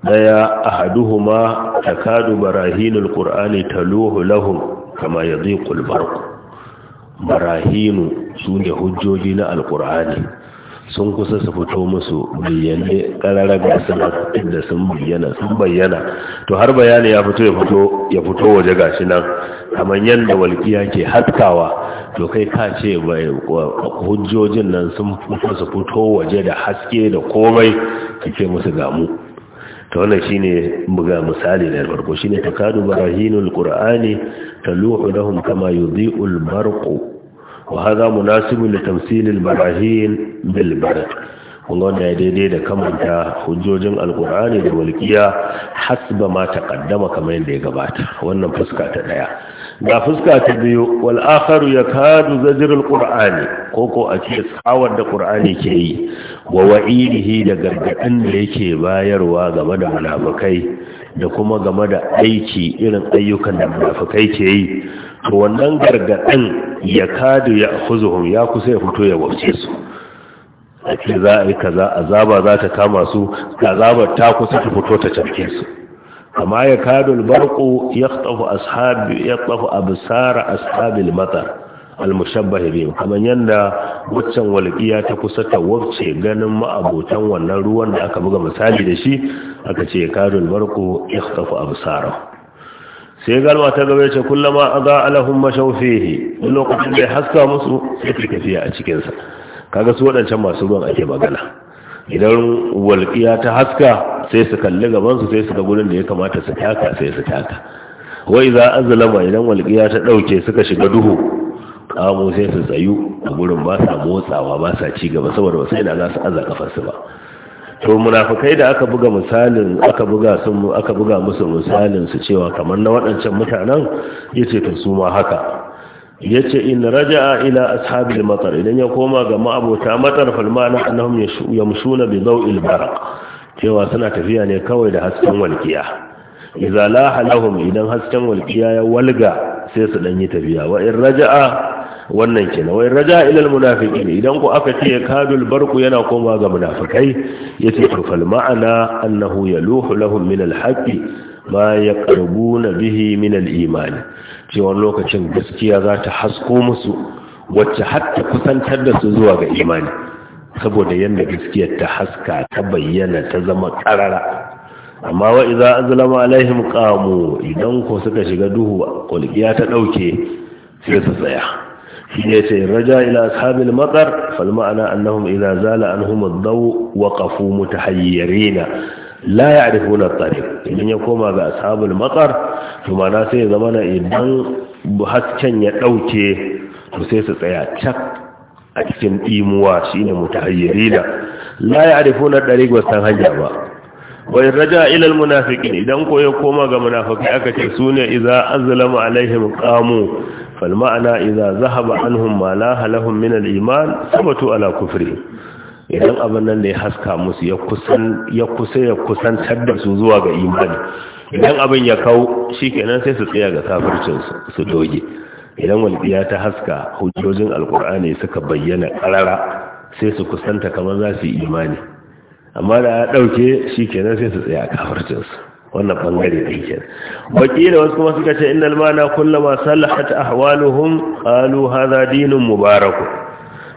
daya ahaduhuma takadu barahinul qur'ani taluhu lahum kama yadhiqul barq barahinu sune hujjoji na alqur'ani sun kusa su fito musu bayyane ga sanatun da sun bayyana sun bayyana to har bayani ya fito ya fito ya fito waje gashi nan kamar yadda walƙiya ke haskawa to kai ka ce hujjojin nan sun kusa su fito waje da haske da komai kike musu gamu ta wannan shine buga misali na farko shine takadu barahinul qur'ani taluhu lahum kama yudhi'ul barqu wa hadha munasibun li tamsilil barahin bil barq kuma da ya daidai da kamanta hujjojin alkur'ani da walƙiya hasba ma taqaddama kamar yadda ya gabata wannan fuska ta ɗaya. ga fuska ta biyu wal akharu yakadu zajrul qur'ani ko ko a ce tsawar da qur'ani ke yi wa wa'idihi da gargaɗin da yake bayarwa game da munafukai da kuma game da aiki irin ayyukan da munafukai ke yi to wannan gargaɗin ya kadu ya khuzuhum ya kusa ya fito ya wauce su a ce za a yi kaza azaba za ta kama su azaba ta kusa ta fito ta cafke su amma ya kadu albarqu yaqtafu ashab yaqtafu absara ashabil matar al-mushabbah kamar kaman yanda waccan walqiya ta kusa ta wacce ganin ma'abotan wannan ruwan da aka buga misali da shi aka ce karul barqu ikhtafu absara sai galwa ta gaba ce kullama aga alahum mashawfihi lokacin da haska musu sai take tafiya a cikin sa kaga su wadancan masu ruwan ake magana idan walqiya ta haska sai su kalli gaban su sai su ga gurin da ya kamata su taka sai su taka wa idza azlama idan walqiya ta dauke suka shiga duhu kamo sai su tsayu a gurin ba sa motsawa ba sa ci gaba saboda ba sai da za su aza kafarsu ba to munafukai da aka buga misalin aka buga sun aka buga musu misalin su cewa kamar na waɗancan mutanen yace to su ma haka yace in raja'a ila ashabil matar idan ya koma ga ma'abota matar falmana annahum yamshuna bi daw'il barq cewa suna tafiya ne kawai da hasken walkiya idza lahum idan hasken walkiya ya walga sai su dan yi tafiya wa in raja'a wannan kenan wai raja ilal munafiqin idan ku aka ce kadul barku yana koma ga munafikai yace to fal ma'ana annahu yaluhu lahum min al ma yaqrabuna bihi min al iman wannan lokacin gaskiya za ta hasko musu wacce hatta kusantar da su zuwa ga imani saboda yanda gaskiya ta haska ta bayyana ta zama karara amma wa idza azlama alaihim qamu idan ko suka shiga duhu kulkiya ta dauke sai su tsaya shi ne raja ila ashabil matsar fal ma'ana annahum idza zala anhum ad-daw waqafu mutahayyirina la ya'rifuna at-tariq idan ya koma ga ashabul matsar to ma'ana sai zama na idan hasken ya dauke to sai su tsaya cak a cikin imuwa shine mutahayyirina la ya'rifuna at-tariq wasan hanya ba wai raja ilal munafiqin idan ko ya koma ga munafiki aka ce sune idza azlama alaihim qamu فالمعنى idza zahaba عنهم ما la لهم من iman sabatu ala idan abin nan da ya haska musu ya kusan kusantar da su zuwa ga imani idan abin ya kawo shikenan sai su tsaya ga kafircin su doge idan walbiya ta haska hujjojin alkur'ani suka bayyana ƙarara sai su kusanta kamar za su yi imani amma da ya ɗauke shi kenan sai su tsaya a su. wannan bangare da yake wakila wasu kuma suka ce innal mana kullama salahat ahwaluhum qalu hadha dinun mubarak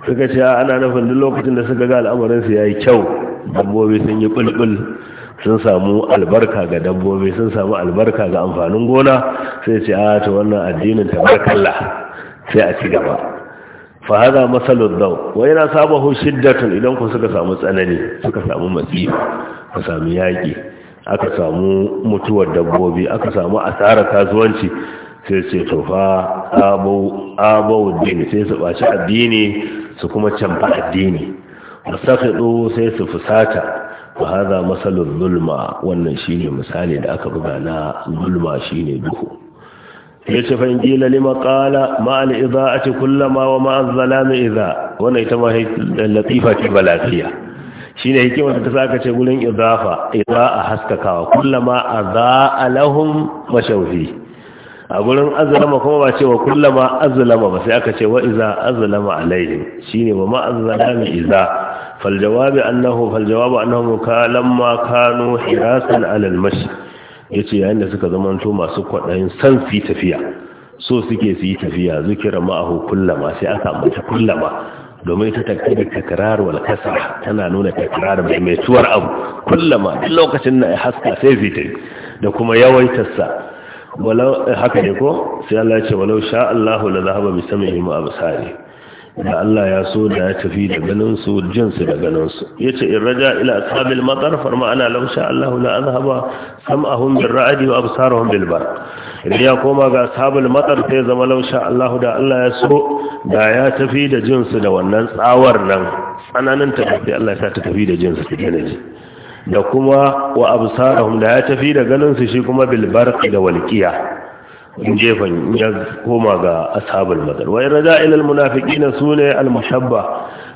suka ce ana nufin duk lokacin da suka ga al'amarin su yayi kyau dabbobi sun yi bulbul sun samu albarka ga dabbobi sun samu albarka ga amfanin gona sai ce a to wannan addinin tabarakallah sai a ci gaba fa hada masalud daw wa yana sabahu shiddatun idan ku suka samu tsanani suka samu matsi ku samu yaki aka samu mutuwar dabbobi aka samu asarar kasuwanci sai ce to fa dini sai su baci addini su kuma canfa addini musafidu sai su fusata ba haza, masalul zulma wannan shine misali da aka buga na zulma shine duhu yace fa injila lima qala ma al idaati kullama wa ma al zalami wannan ita ma latifa ce balafiya Shi ne hikimar da ta saka ce gurin idafa a haskakawa kullama adaa lahum mashawfi a gurin azlama kuma ba cewa kullama azlama ba sai aka ce wa iza azlama alaihim shine wa ma azlama iza fal jawabi annahu fal jawabu annahum kalamma kanu hirasan ala al mashi yace yayin da suka zamanto masu kwadayin san fi tafiya so suke su yi tafiya zikira ma'ahu kullama sai aka ambata kullama domin ta takdir takrar wal kasar tana nuna takrar mai mai abu kullama duk lokacin na, haska sai fitai da kuma yawaitar sa walau eh, haka ne ko sai Allah ya ce walau sha Allahu la zahaba bi sam'ihi wa absari da Allah ya so da ya tafi da ganinsu jinsu da ganinsu ya ce in raja ila asabil matsar farma ana lausha Allah la azhaba sam'ahum bil ra'adi wa absarahum bil bar idan ya koma ga asabil matsar sai zama lausha Allah da Allah ya so da ya tafi da jinsu da wannan tsawar nan tsananin ta tafi Allah ya ta tafi da jinsu ta ji da kuma wa absarahum da ya tafi da ganinsu shi kuma Bilbar da Walƙiya. in jefan ya koma ga ashabul madar wa raja ila al munafiqina sune al mushabba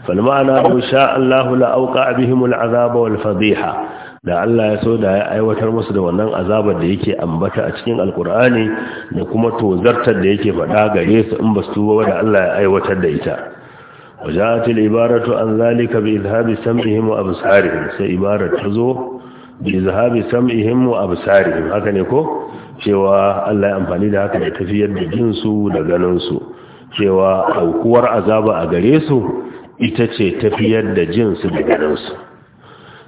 fal ma'ana bi sha Allah la auqa bihim al azab wal fadiha da Allah ya so da ya aiwatar musu da wannan azabar da yake ambata a cikin alkur'ani da kuma tozartar da yake faɗa gare su in basu tuba da Allah ya aiwatar da ita وجاءت العبارة عن ذلك بإذهاب سمعهم وأبصارهم سيبارة تزو بإذهاب سمعهم وأبصارهم هكذا ko!" cewa Allah ya amfani da haka da tafiyar da jinsu da ganinsu cewa aukuwar azaba a gare su ita ce tafiyar da jinsu da ganinsu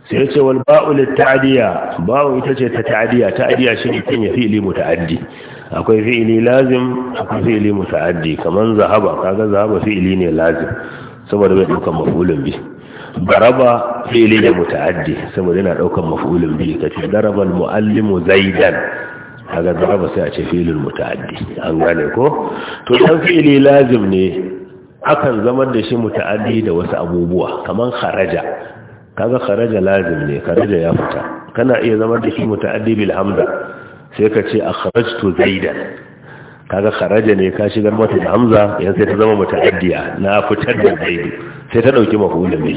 sai ce wal ba'ul ta'diya ba'u ita ce ta ta'diya ta'diya shi ne kan ya fi'ili muta'addi akwai fi'ili lazim akwai fi'ili muta'addi Kamar zahaba kaga zahaba fi'ili ne lazim saboda bai dauka mafulun bi Baraba fi'ili ne muta'addi saboda yana daukan mafulun bi kace daraba al muallimu zaidan kaga zaraba sai a ce filin muta'addi an gane ko to dan fi'ili lazim ne akan zaman da shi muta'addi da wasu abubuwa kaman kharaja kaga kharaja lazim ne kharaja ya fita kana iya zaman da shi muta'addi bil hamza sai ka ce akhrajtu zaidan kaga kharaja ne ka shigar mata da hamza yan sai ta zama muta'addiya na fitar da zaidi sai ta dauki mafhumin ne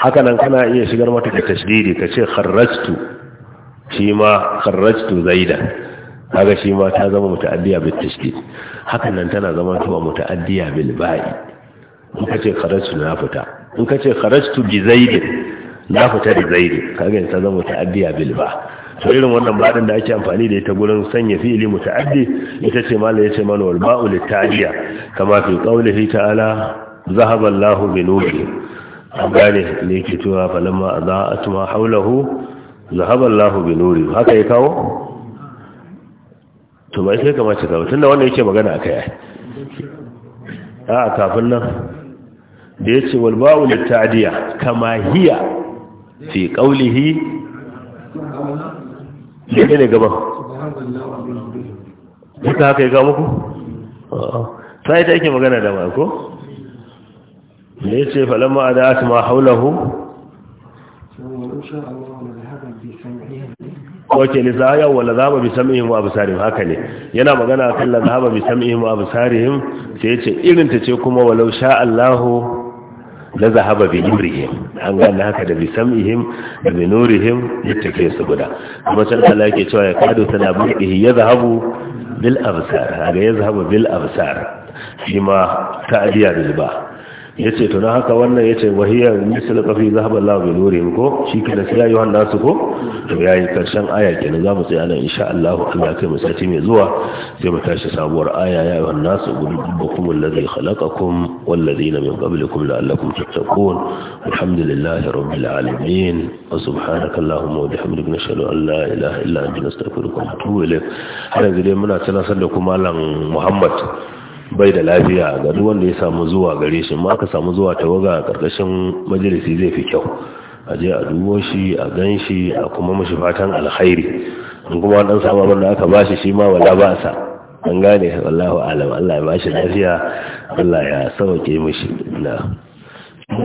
haka nan kana iya shigar mata da tashdidi ka ce shi ma kharajtu zaidan kaga shi ma ta zama muta'addiya bil tashdid hakan nan tana zama kuma muta'addiya bil ba'i in kace kharajtu na fita in kace kharajtu bi zaid na fita da zaid kaga ta zama muta'addiya bil ba to irin wannan badin da ake amfani da ita gurin sanya fi'ili muta'addi ita ce mala yace mana wal ba'u lit ta'diya kama fi qawlihi ta'ala zahaba Allahu bi nuri gane ne yake cewa falamma adaa'at ma hawlahu zahaba Allahu bi nuri haka ya kawo to ba sai kamata ka tunda wannan yake magana akai ah a kafin nan da yace wal ba'u ta'diya kama hiya fi qawlihi ne subhanallahi wa bihamdihi haka ya ga muku sai ta magana da mai ko ne yace falamma ada asma haulahu wake ne za ya wala zaba bi sam'ihim wa absarihim haka ne yana magana akan la zaba bi sam'ihim wa absarihim sai yace irin ta ce kuma walau sha Allahu la zahaba bi nurihim an gane haka da bi sam'ihim da bi nurihim take su guda kuma sai Allah yake cewa ya kadu sana bihi ya zahabu bil absar ya zahabu bil absar shi ma ta'diya bil ba yace to tuna haka wannan ya ce wahiyar misal qafi zahab Allah bi lori ko shi ke da sai yohan nasu ko to yi karshen aya kenan za mu tsaya nan insha Allah Allah kai mu mai zuwa sai mu tashi sabuwar aya ya yohan nasu gudu rabbukum alladhi khalaqakum wal ladina min qablikum la'allakum tattaqun alhamdulillahi rabbil alamin wa subhanaka allahumma wa bihamdika nashhadu an la ilaha illa anta nastaghfiruka wa natubu ilayk har yanzu dai muna tana sallar kuma Malam Muhammad bai da lafiya ga duk wanda ya samu zuwa gare shi ma ka samu zuwa tawaga a ƙarƙashin majalisi zai fi kyau a je a dubo shi a gan shi a kuma mashi fatan alkhairi in kuma dan samu abin da aka bashi shi ma wala ba sa an gane wallahu alam Allah ya bashi lafiya Allah ya sauke mishi na